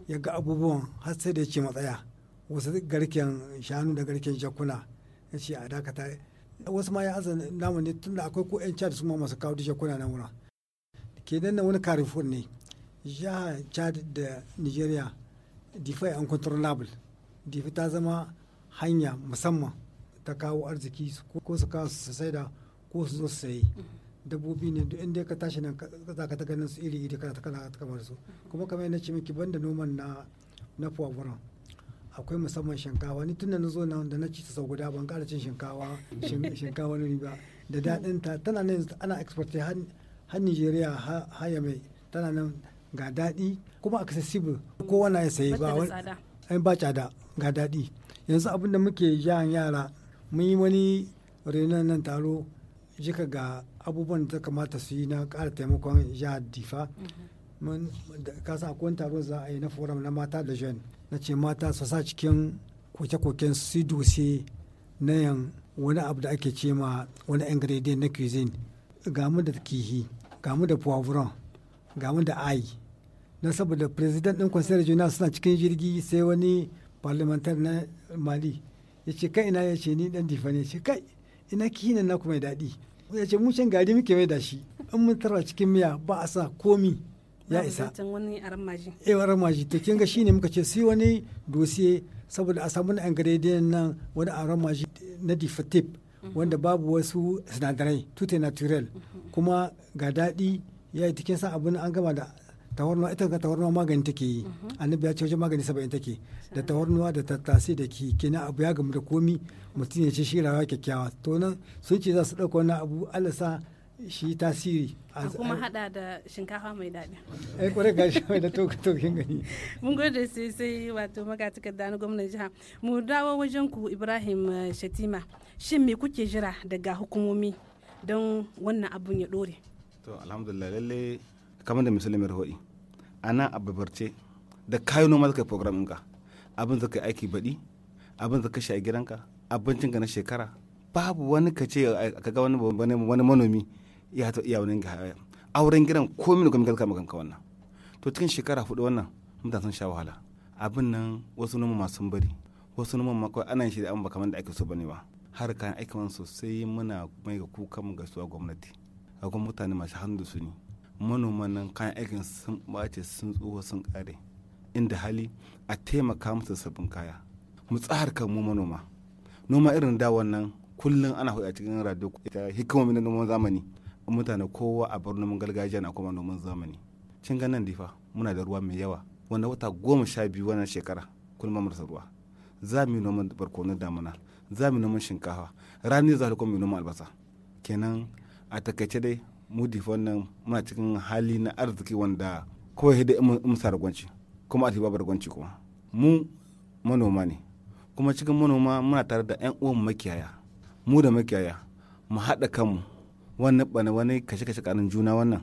ya ga abubuwan har sai da ya ce matsaya wasu garken shanu da garken jakuna ya ce a dakata wasu ma ya aza namu ne tunda akwai ko 'yan da su ma masu kawo da jakuna na wurin kenan nan wani carrefour ne jiha chad da nigeria defi uncontrollable defi ta zama hanya musamman ta kawo arziki ko su kawo su saida ko su zo su sayi mm-hmm. dabbobi ne duk inda ka tashi nan za ka ta ganin su iri iri kana ta kana ta kamar su kuma kamar yana ce miki banda noman na na fuwa akwai musamman shinkawa ni tun da na zo nan da na ci ta sau guda ban kara cin shinkawa shinkawa ne ba da daɗin ta tana nan ana export har har nigeria haya mai tana nan ga daɗi kuma accessible ko na ya sayi ba wani ba tsada ga daɗi yanzu abin da muke jan yara mun yi wani renon nan taro jika ga abubuwan da kamata su yi na ƙara taimakon ya difa mm-hmm. kasa akwai taro za a yi na forum na mata da jen na ce mata su sa cikin koke-koken su dose na yan wani abu da ake ce ma wani ingredient na cuisine gamu da kihi gamu da poivron gamu da ai na saboda president din kwansiyar juna suna cikin jirgi sai wani parliamentar na mali ya ce kai ina ya ce ni dan difa ne ce kai ina kihi na kuma mai daɗi ya ce mu can gari muke mai da shi in mun tara cikin miya ba a sa komi ya isa wani aramaji eh aramaji to kin ga shine muka ce sai wani dosiye saboda a samu na ingredient nan wani aramaji na difatip Mhm. wanda babu wasu sinadarai tute natural mhm. kuma ga daɗi ya yi cikin sa abin an gama da tawarnuwa ita ga tawarnuwa magani take yi mhm. annabi ya ce wajen magani saba'in take da tawarnuwa da tattasai da ke kenan abu ya gamu da komi mutum ya ce shirawa kyakkyawa to nan sun ce za su ɗauka wani abu alasa shi tasiri a kuma hada da shinkafa mai daɗi a yi kwarar shi mai da toka tokin gani mun gode sai sai wato magatakarda na gwamnan jiha mu dawo wajen ku ibrahim eh, shatima shin me kuke jira daga hukumomi don wannan abun ya dore to alhamdulillah lalle kamar da misali mai rahoɗi ana ababarce da kayan noma zaka program ka abin zaka aiki baɗi abin zaka shi a gidanka abincinka na shekara babu wani kace ka ga wani manomi ya ta iya wani a auren gidan komi da komi kalka kanka wannan to cikin shekara hudu wannan mutane sun sha wahala abin nan wasu noma masu bari wasu noma ma kawai ana shi da an kamar da ake so bane ba har kayan aikaman sosai muna mai ga kukan mu suwa gwamnati a mutane masu hannu su ne manoman nan kayan aikin sun bace sun tsoho sun kare inda hali a taimaka musu sabbin kaya mu tsahar kan mu manoma noma irin da wannan kullum ana hudu a cikin radio ita hikimomi na noman zamani mutane kowa a birnin gargajiya na kuma noman zamani cin ganan difa muna da ruwa mai yawa wanda wata goma sha biyu wannan shekara kulma marasa ruwa za mu yi noman barkonon damuna za mu yi noman shinkafa rani za kuma yi noman albasa kenan a takaice dai mu difa wannan muna cikin hali na arziki wanda kawai da mu sa ragwanci kuma a babu ragwanci kuma mu manoma ne kuma cikin manoma muna tare da 'yan uwan makiyaya mu da makiyaya mu haɗa kanmu wani bane wani kashe-kashe kanin juna wannan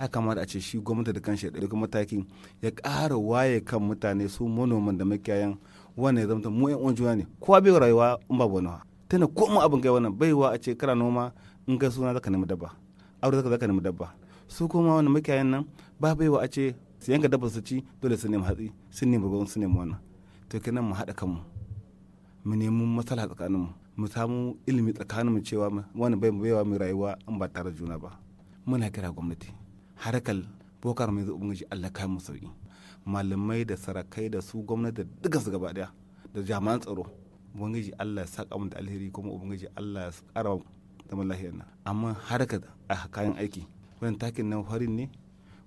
ya kamata a ce shi gwamnati da kanshi ya mataki ya ƙara waye kan mutane su manoman da makiyayan wannan ya zama mu yan wani juna ne kowa bai rayuwa in babu wani tana ko mu abin kai wannan baiwa a ce kana noma in ga suna zaka nemi dabba aure zaka zaka nemi dabba su kuma wannan makiyayan nan ba baiwa a ce su yanka dabba su ci dole su nemi hatsi su nemi babban su nemi wannan to kenan mu haɗa kanmu mu nemi matsala tsakaninmu mu samu ilimi tsakanin mu cewa wani bai mu baiwa mu rayuwa an ba tare juna ba muna kira gwamnati harkar bokar mai zuɓin gaji Allah kai mu sauki malamai da sarakai da su gwamnati da duka su gaba daya da jami'an tsaro ubangiji Allah ya saka mu da alheri kuma ubangiji Allah ya kara zaman lahiyar nan amma harkar a kayan aiki wajen takin nan farin ne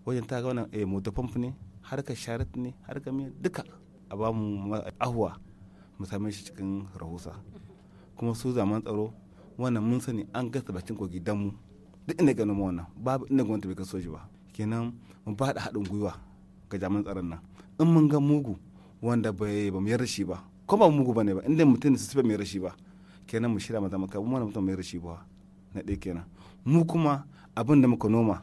wajen ta wannan eh mota pump ne harkar sharat ne harkar mai duka a ba mu ahuwa mu same shi cikin rahusa kuma su zaman tsaro wannan mun sani an gasa bakin kogi don mu duk inda ganin mu wannan babu inda gwamnati bai kaso shi ba kenan mu ba da haɗin gwiwa ga jami'an tsaron nan in mun ga mugu wanda bai ba mu yarda shi ba ko ba mugu bane ba inda mutum su mu mai shi ba kenan mu shirya mata kai mu mutum mai shi ba na ɗaya kenan mu kuma abin da muka noma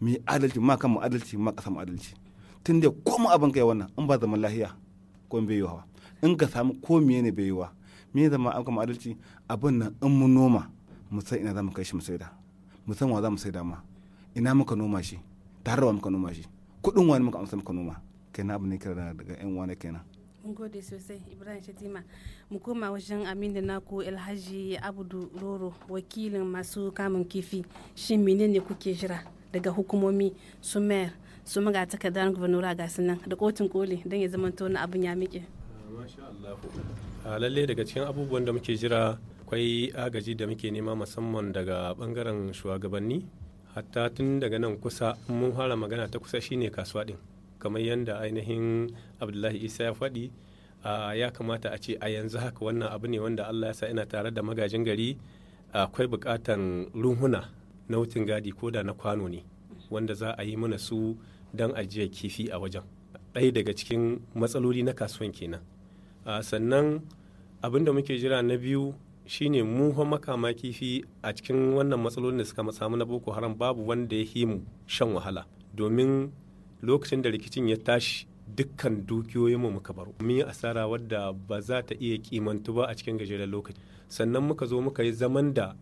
mu yi adalci ma kan mu adalci ma ƙasa mu adalci tun da mu abin kai wannan in ba zaman lahiya ko bai wa. in ka samu ko miye ne bai wa. me zama an kama adalci abin nan in mun noma mu san ina za mu kai shi mu saida mu san wa za mu saida ma ina muka noma shi tare wa muka noma shi kuɗin wani muka amsa muka noma kenan abu ne kira daga yan wani kenan mun gode sosai ibrahim shatima mu koma wajen aminu naku alhaji abudu roro wakilin masu kamun kifi shin menene kuke jira daga hukumomi su mayar su maga takardar gwamnati ga sunan da kotun koli don ya zama tona abin ya miƙe lalle daga cikin abubuwan da muke jira akwai agaji da muke nema musamman daga bangaren shugabanni hatta tun daga nan kusa mun fara magana ta kusa shine kasuwa din kamar yadda ainihin abdullahi isa ya faɗi ya kamata a ce a yanzu haka wannan abu ne wanda allah ya sa ina tare da magajin gari akwai bukatan ruhuna na wutin gadi ko da na kwano ne wanda za a yi mana su don ajiyar kifi a wajen ɗaya daga cikin matsaloli na kasuwan kenan sannan abin da muke jira na biyu shine mu fa makama kifi a cikin wannan matsalolin da suka samu na boko haram babu wanda ya himu shan wahala domin lokacin da rikicin ya tashi dukkan dukiyoyinmu muka baro mun yi asara wadda ba za ta iya kimantu ba a cikin gajeren lokaci sannan muka zo muka yi zaman da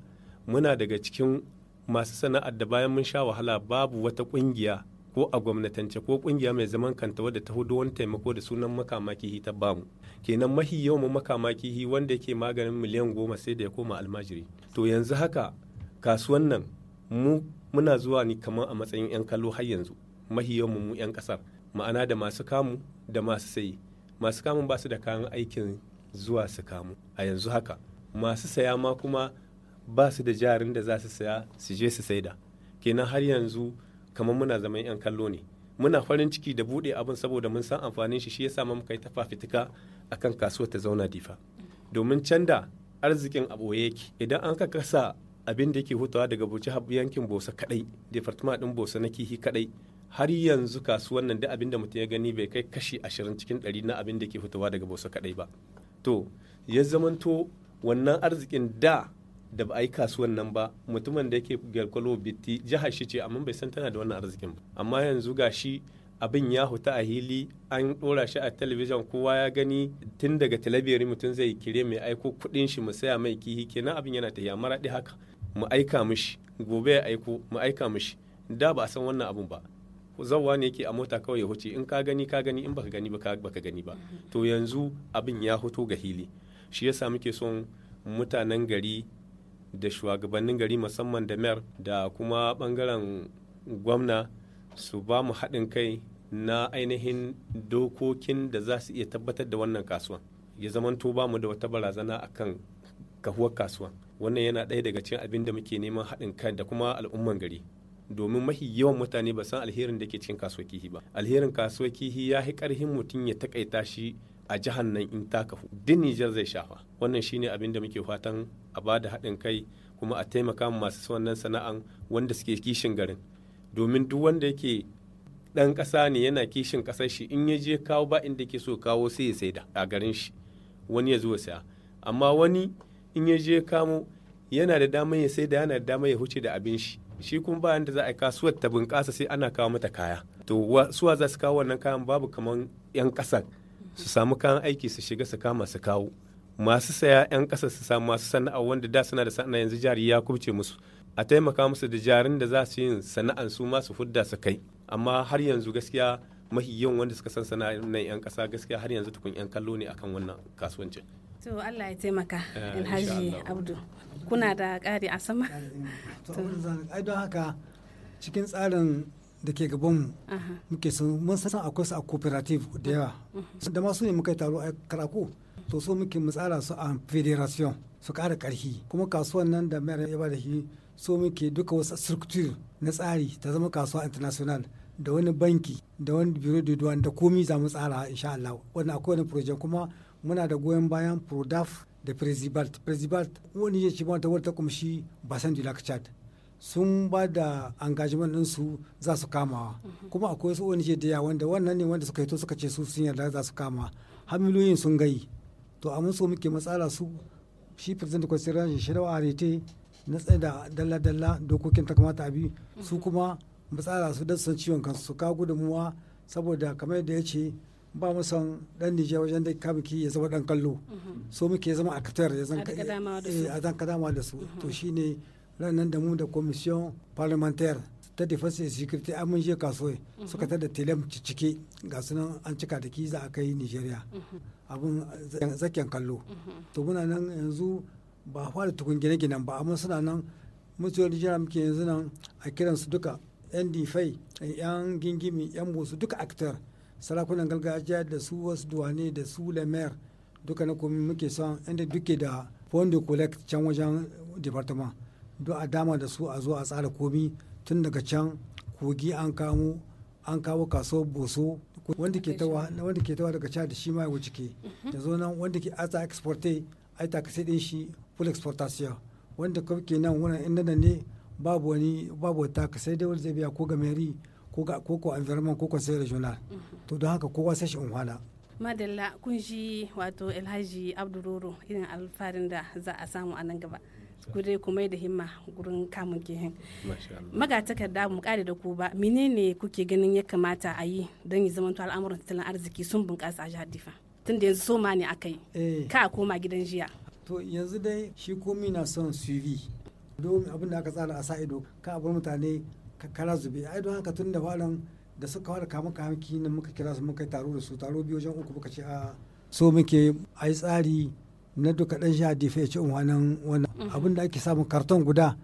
muna daga cikin masu sana'ar da bayan mun sha wahala babu wata kungiya ko a gwamnatance ko kungiya mai zaman kanta wadda ta hudu wani taimako da sunan makamaki ta bamu kenan mahi yawan makama kihi wanda yake maganin miliyan goma sai da ya koma almajiri to yanzu haka kasuwan nan mu muna zuwa ni kamar a matsayin 'yan kallo har yanzu mahi yawan mu 'yan kasar ma'ana da masu kamu da masu sayi masu kamun ba su da kayan aikin zuwa su kamu a yanzu haka masu saya ma kuma ba su da jarin da za su saya su je su saida kenan har yanzu kamar muna zaman 'yan kallo ne muna farin ciki da buɗe abin saboda mun san amfanin shi shi yasa muka yi ta fafitika akan kasuwar ta zauna difa domin canza arzikin a ɓoye yake idan an ka kasa abin da yake hutawa daga buci yankin bosa kadai department din bosa na kihi kadai har yanzu kasuwan nan da abin da mutum ya gani bai kai kashi ashirin cikin ɗari na abin da ke hutawa daga bosa kadai ba to ya zamanto wannan arzikin da da ba a yi kasuwan nan ba mutumin da yake garkwalo bitti jihar shi ce amma bai san tana da wannan arzikin ba amma yanzu ga shi abin ya huta a hili an ɗora shi a talabijin kowa ya gani tun daga talabiyar mutum zai kire mai aiko kuɗin shi mu saya mai kihi kenan abin yana tafiya maraɗi haka mu aika mishi gobe ya aiko mu aika mishi da ba a san wannan abun ba zawwa ne yake a mota kawai ya huce in ka gani ka gani in baka gani ba baka gani ba to yanzu abin ya huto ga hili shi yasa muke son mutanen gari da shugabannin gari musamman da mayor da kuma bangaren gwamna su ba mu haɗin kai na ainihin dokokin da za su iya tabbatar da wannan kasuwan ya zamanto ba mu da wata barazana a kan kahuwar kasuwa wannan yana ɗaya daga cikin abin da muke neman haɗin kai da kuma al'umman gari domin mafi yawan mutane ba san alherin da ke cikin kasuwar kihi ba alherin kasuwar kihi ya fi ƙarfin mutum ya takaita shi a jihar nan in ta kafu din Nijar zai shafa wannan shine abin da muke fatan a ba da haɗin kai kuma a taimaka masu wannan sana'an wanda suke kishin garin domin duk wanda yake dan ƙasa ne yana kishin ƙasar shi in ya je kawo ba inda ke so kawo sai ya saida a garin shi wani ya zo saya amma wani in ya je kamo yana da damar ya saida yana da damar ya huce da abin shi shi kuma bayan da za a kasuwar ta bunƙasa sai ana kawo mata kaya to suwa za su kawo wannan kayan babu kamar 'yan ƙasar su samu kayan aiki su shiga su kama su kawo masu saya 'yan kasa su samu masu sana'a wanda da suna da sana'a yanzu jari ya kubce musu a taimaka musu da jarin da za su yi sana'an su ma su fudda su kai amma har yanzu gaskiya mahi yawan wanda suka san sana'ar 'yan ƙasa gaskiya har yanzu tukun 'yan kallo ne akan wannan kasuwanci. to Allah ya taimaka eh, Alhaji Abdu kuna da ƙari a sama ai don haka cikin tsarin da ke gabanmu muke sun mun san akwai su a cooperative da yawa mhm. da masu ne muka yi taro a karako to so muke mu tsara su a federation su kara karfi kuma kasuwan nan da mayar ya da shi so muke duka wasu structure na tsari ta zama kasuwa international da wani banki da wani biro da duwan da komi za mu tsara insha Allah wannan akwai wani project kuma muna da goyon bayan prodaf da prezibalt prezibalt wani ya ci ta wata kumshi basan dulak sun ba da engagement ɗinsu za su kama kuma akwai su wani da wanda wannan ne wanda suka to suka ce su sun yarda za su kama hamiloyin sun gai to a so muke matsala su shi president constitution shi da arete na tsaye da dalla-dalla dokokin ta kamata abi su kuma matsala su da san ciwon kansu su kawo gudunmuwa saboda kamar yadda ya ce ba mu son dan Nijar wajen da kamiki ya zama dan kallo so muke zama a kafar ya zan kadama eh, da su to shine ranar da mu da commission parlementaire ta defense and security an mun je kasuwa suka da telem cike ga sunan an cika da ki za a kai nigeria abun zaken kallo to muna nan yanzu ba fara tukun gine-ginen ba amma suna nan mutuwa nigeria muke yanzu nan a kiransu duka yan difai yan gingimi yan bosu duka actor sarakunan gargajiya da su wasu duwane da su lemer duka na komi muke son inda duke da fondo collect can wajen departement duk a dama da su a zo a tsara komi tun daga can kogi an kamo an kawo kasuwar boso wanda ke tawa daga cha da shi ma ya wuce ke mhm. yanzu nan wanda ke asa exporte ai takasai din shi full exportation wanda kawai ke nan wannan inda da ne babu wani babu wata sai wanda zai biya ko ga meri ko ga ko environment ko conseil regional mhm. to don haka kowa sai shi unhwana madalla kun shi wato alhaji abduroro irin alfarin da za a samu a nan gaba ku dai da himma gurin kamun ka magatakarda mu kare da ku ba menene kuke ganin ya kamata a yi don ya zamanto al'amuran tattalin arziki sun bunƙasa a jihar difa tun da yanzu soma ne aka yi eh. ka koma gidan jiya to yanzu dai shi komi na son suivi domin abin da aka tsara a sa ido ka abin mutane kara zube a don haka tun da faran da suka fara kamun kamaki nan muka kira su muka taro da su taro biyu wajen uku muka ce a so muke a yi tsari na duka dan shi hadife ci uhm, wannan wannan mhm. abin da ake samun karton guda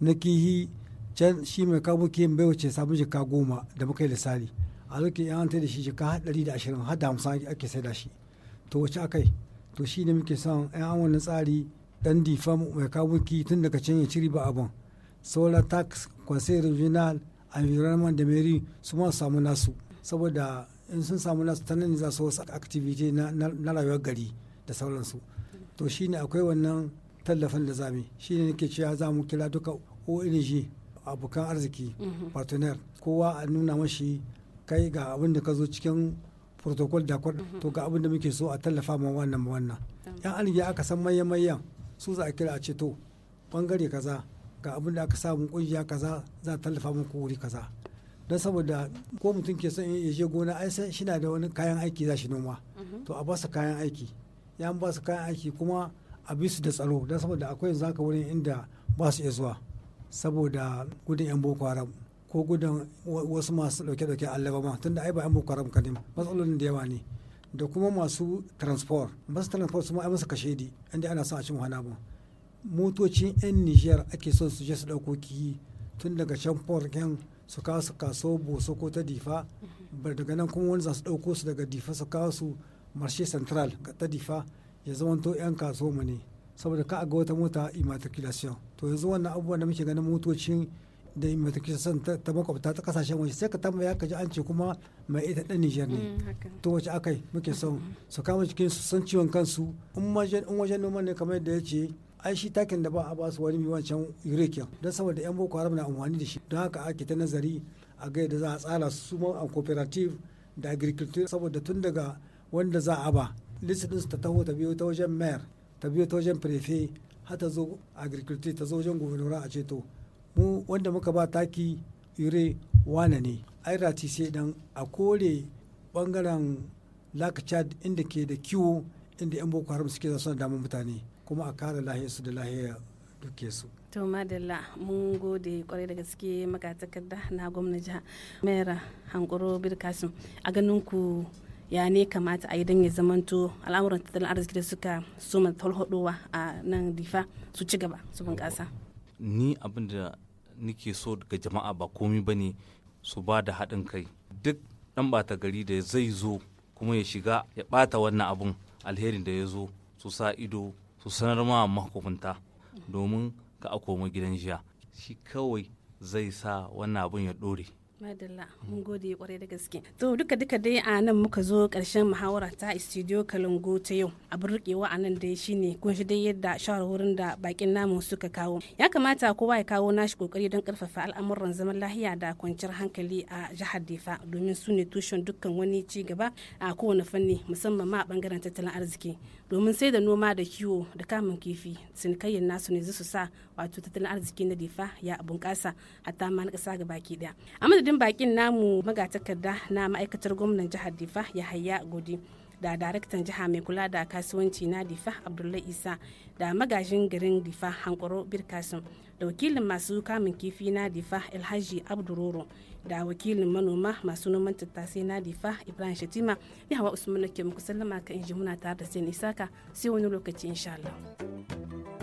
na kihi can shi mai kamo ke bai wace samun jika goma da muka yi lissali a lokacin yan ta da shi jika ɗari da ashirin har da hamsin ake sai da shi to wace akai to shi ne muke son yan wani tsari dan difa mai kamo tun daga can ya ciri ba abin solar tax conseil regional environment da mairie su ma samu nasu saboda in sun samu nasu ta nan za su wasu activity na rayuwar gari da sauransu to shine akwai wannan tallafin da zami shine nake cewa za mu kira duka ONG abokan arziki mhm. partner kowa a nuna mashi kai ga abin da ka zo cikin protocol da mhm. to ga abin da muke so a tallafa ma wannan ma wannan yan an aka san mayan mayan su za a kira a ce to bangare kaza ga abin da aka samu kungiya kaza za a tallafa muku wuri kaza don saboda ko mutum ke son ya je gona ai shi na da wani kayan aiki za shi noma mhm. to a basa kayan aiki ya ba su kayan aiki kuma a bisu da tsaro don saboda akwai yanzu haka wurin inda ba su iya zuwa saboda gudun yan boko haram ko gudun wasu masu dauke-dauke allaba ma tunda ai ba yan boko haram kadai matsalolin da yawa ne da kuma masu transport masu transport su ma masu masa kashedi inda ana son a cin wahala ba motocin yan nijar ake son su je su dauko kiyi tun daga can port su kawo su kaso boso ko ta difa daga nan kuma wani za su dauko su daga difa su kawo su marshe central ta difa ya zamanto 'yan kasuwa ne saboda ka ga wata mota immatriculation to yanzu wannan abubuwan da muke ganin motocin da immatriculation ta makwabta ta kasashen waje sai ka tambaya ka ji an ce kuma mai ita dan Niger ne mm, to wace akai muke son su kama cikin su san ciwon kansu in wajen in wajen noma ne kamar yadda ya ce ai shi takin da ba a ba su wani mai wancan yurekiya don saboda yan boko haram na amfani da shi don haka ake ta nazari a ga yadda za a tsara su ma a cooperative da agriculture saboda tun daga wanda za a ba list ta taho ta biyo ta wajen mayor ta biyo ta wajen prefe har ta zo agriculture ta zo wajen gubernura a ceto mu wanda muka ba taki ire wane ne ai rati sai dan a kore bangaren lakacad inda ke da kiwo inda yan boko haram suke suna damar mutane kuma a kare lahiyarsu da lahiyar duke su to madalla mun gode kwarai da gaske magatakarda na gwamnati jiha mayar hankoro birkasim a ganin ku ya ne kamata a yi don ya zamanto al'amuran tattalin arziki da suka soma talhaɗowa a nan difa su ci gaba su bunƙasa ni abin da nike so daga jama'a ba komi ba ne su ba da haɗin kai duk ɗan ɓata gari da zai zo kuma ya shiga ya ɓata wannan abun alherin da ya zo su sa ido su sanar ma mahukunta domin ka a koma gidan jiya shi kawai zai sa wannan abun ya ɗore madalla mun gode kwarai da gaske to duka duka dai a nan muka zo karshen muhawara ta studio kalango ta yau abin rikewa a nan dai shine kun shi dai yadda shawarwarin da bakin namu suka kawo ya kamata kowa ya kawo nashi kokari don karfafa al'amuran zaman lahiya da kwanciyar hankali a jihar defa domin su ne tushen dukkan wani ci gaba a kowane fanni musamman ma a bangaren tattalin arziki domin sai da noma da kiwo da kamun kifi cinikayyar nasu ne su sa wato tattalin arziki na difa ya bunƙasa hatta ma na ƙasa ga baki ɗaya a madadin bakin namu magatakarda na ma'aikatar gwamnan jihar difa ya hayya godi da daraktan jiha mai kula da kasuwanci na difa abdullahi isa da magajin garin difa hankoro birkasun da wakilin masu kamun kifi na difa alhaji abduroro da wakilin manoma masu noman tattasai na difa ibrahim shatima ni hawa usman ke muku sallama ka inji muna tare da sai isaka sai wani lokaci insha Allah.